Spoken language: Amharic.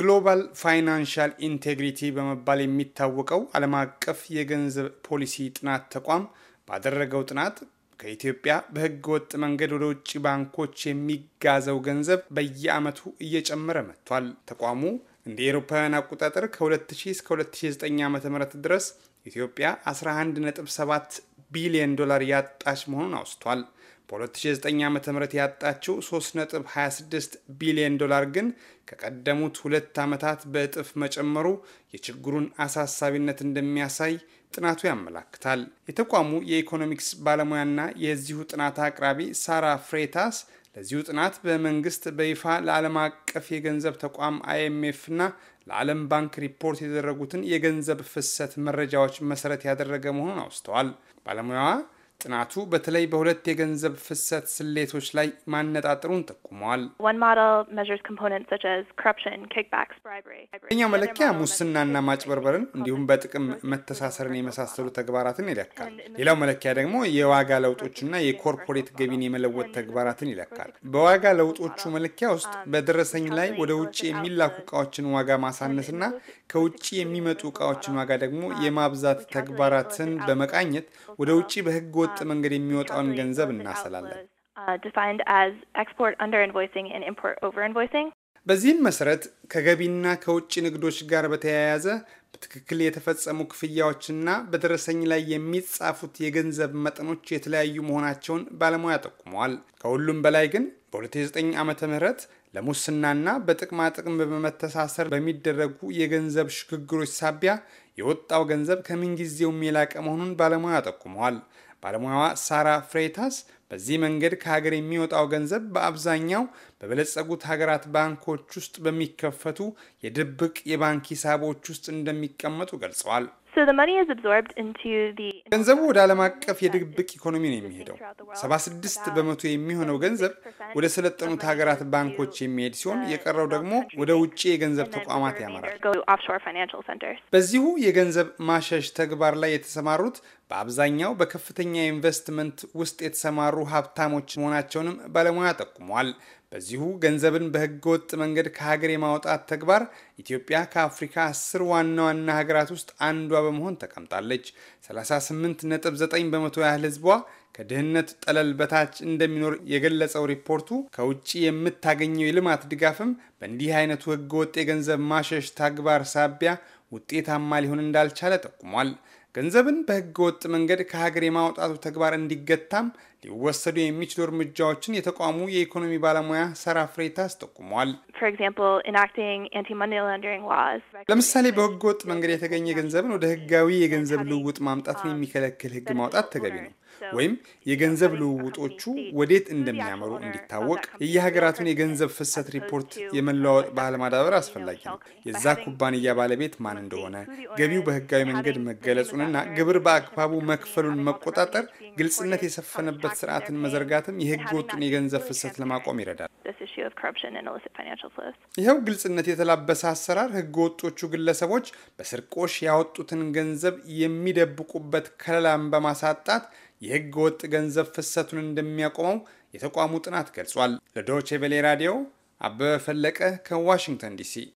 ግሎባል ፋይናንሻል ኢንቴግሪቲ በመባል የሚታወቀው ዓለም አቀፍ የገንዘብ ፖሊሲ ጥናት ተቋም ባደረገው ጥናት ከኢትዮጵያ በህገ ወጥ መንገድ ወደ ውጭ ባንኮች የሚጋዘው ገንዘብ በየዓመቱ እየጨመረ መጥቷል። ተቋሙ እንደ ኤሮፓውያን አቆጣጠር ከ2000 እስከ 2009 ዓ ም ድረስ ኢትዮጵያ 11.7 ቢሊዮን ዶላር ያጣች መሆኑን አውስቷል። በ2009 ዓ.ም ያጣችው 3.26 ቢሊዮን ዶላር ግን ከቀደሙት ሁለት ዓመታት በእጥፍ መጨመሩ የችግሩን አሳሳቢነት እንደሚያሳይ ጥናቱ ያመላክታል። የተቋሙ የኢኮኖሚክስ ባለሙያና የዚሁ ጥናት አቅራቢ ሳራ ፍሬታስ ለዚሁ ጥናት በመንግስት በይፋ ለዓለም አቀፍ የገንዘብ ተቋም አይኤምኤፍና ለዓለም ባንክ ሪፖርት የተደረጉትን የገንዘብ ፍሰት መረጃዎች መሰረት ያደረገ መሆኑን አውስተዋል። ባለሙያዋ ጥናቱ በተለይ በሁለት የገንዘብ ፍሰት ስሌቶች ላይ ማነጣጠሩን ጠቁመዋል። የኛው መለኪያ ሙስናና ማጭበርበርን እንዲሁም በጥቅም መተሳሰርን የመሳሰሉ ተግባራትን ይለካል። ሌላው መለኪያ ደግሞ የዋጋ ለውጦችና የኮርፖሬት ገቢን የመለወጥ ተግባራትን ይለካል። በዋጋ ለውጦቹ መለኪያ ውስጥ um, በደረሰኝ ላይ ወደ ውጭ የሚላኩ እቃዎችን ዋጋ ማሳነስና ከውጭ የሚመጡ እቃዎችን ዋጋ ደግሞ um, የማብዛት ተግባራትን በመቃኘት ወደ ውጭ በህገ በህገወጥ መንገድ የሚወጣውን ገንዘብ እናሰላለን። uh, በዚህም መሰረት ከገቢና ከውጭ ንግዶች ጋር በተያያዘ በትክክል የተፈጸሙ ክፍያዎችና በደረሰኝ ላይ የሚጻፉት የገንዘብ መጠኖች የተለያዩ መሆናቸውን ባለሙያ ጠቁመዋል። ከሁሉም በላይ ግን በ2009 ዓ ም ለሙስናና በጥቅማጥቅም በመተሳሰር በሚደረጉ የገንዘብ ሽግግሮች ሳቢያ የወጣው ገንዘብ ከምንጊዜውም የላቀ መሆኑን ባለሙያ ጠቁመዋል። ባለሙያዋ ሳራ ፍሬታስ በዚህ መንገድ ከሀገር የሚወጣው ገንዘብ በአብዛኛው በበለጸጉት ሀገራት ባንኮች ውስጥ በሚከፈቱ የድብቅ የባንክ ሂሳቦች ውስጥ እንደሚቀመጡ ገልጸዋል። ገንዘቡ ወደ ዓለም አቀፍ የድብቅ ኢኮኖሚ ነው የሚሄደው። 76 በመቶ የሚሆነው ገንዘብ ወደ ሰለጠኑት ሀገራት ባንኮች የሚሄድ ሲሆን የቀረው ደግሞ ወደ ውጭ የገንዘብ ተቋማት ያመራል። በዚሁ የገንዘብ ማሸሽ ተግባር ላይ የተሰማሩት በአብዛኛው በከፍተኛ ኢንቨስትመንት ውስጥ የተሰማሩ ሀብታሞች መሆናቸውንም ባለሙያ ጠቁመዋል። በዚሁ ገንዘብን በህገ ወጥ መንገድ ከሀገር የማውጣት ተግባር ኢትዮጵያ ከአፍሪካ አስር ዋና ዋና ሀገራት ውስጥ አንዷ በመሆን ተቀምጣለች። 38.9 በመቶ ያህል ህዝቧ ከድህነት ጠለል በታች እንደሚኖር የገለጸው ሪፖርቱ ከውጭ የምታገኘው የልማት ድጋፍም በእንዲህ አይነቱ ህገ ወጥ የገንዘብ ማሸሽ ተግባር ሳቢያ ውጤታማ ሊሆን እንዳልቻለ ጠቁሟል። ገንዘብን በህገ ወጥ መንገድ ከሀገር የማውጣቱ ተግባር እንዲገታም ሊወሰዱ የሚችሉ እርምጃዎችን የተቋሙ የኢኮኖሚ ባለሙያ ሰራ ፍሬታስ ጠቁሟል። ለምሳሌ በህገወጥ ወጥ መንገድ የተገኘ ገንዘብን ወደ ህጋዊ የገንዘብ ልውውጥ ማምጣትን የሚከለክል ህግ ማውጣት ተገቢ ነው። ወይም የገንዘብ ልውውጦቹ ወዴት እንደሚያመሩ እንዲታወቅ የየሀገራቱን የገንዘብ ፍሰት ሪፖርት የመለዋወጥ ባህል ማዳበር አስፈላጊ ነው። የዛ ኩባንያ ባለቤት ማን እንደሆነ፣ ገቢው በህጋዊ መንገድ መገለጹንና ግብር በአግባቡ መክፈሉን መቆጣጠር ግልጽነት የሰፈነበት ስርዓትን መዘርጋትም የህገ ወጡን የገንዘብ ፍሰት ለማቆም ይረዳል። ይኸው ግልጽነት የተላበሰ አሰራር ህገ ወጦቹ ግለሰቦች በስርቆሽ ያወጡትን ገንዘብ የሚደብቁበት ከለላን በማሳጣት የህገ ወጥ ገንዘብ ፍሰቱን እንደሚያቆመው የተቋሙ ጥናት ገልጿል። ለዶቼ ቬሌ ራዲዮ አበበ ፈለቀ ከዋሽንግተን ዲሲ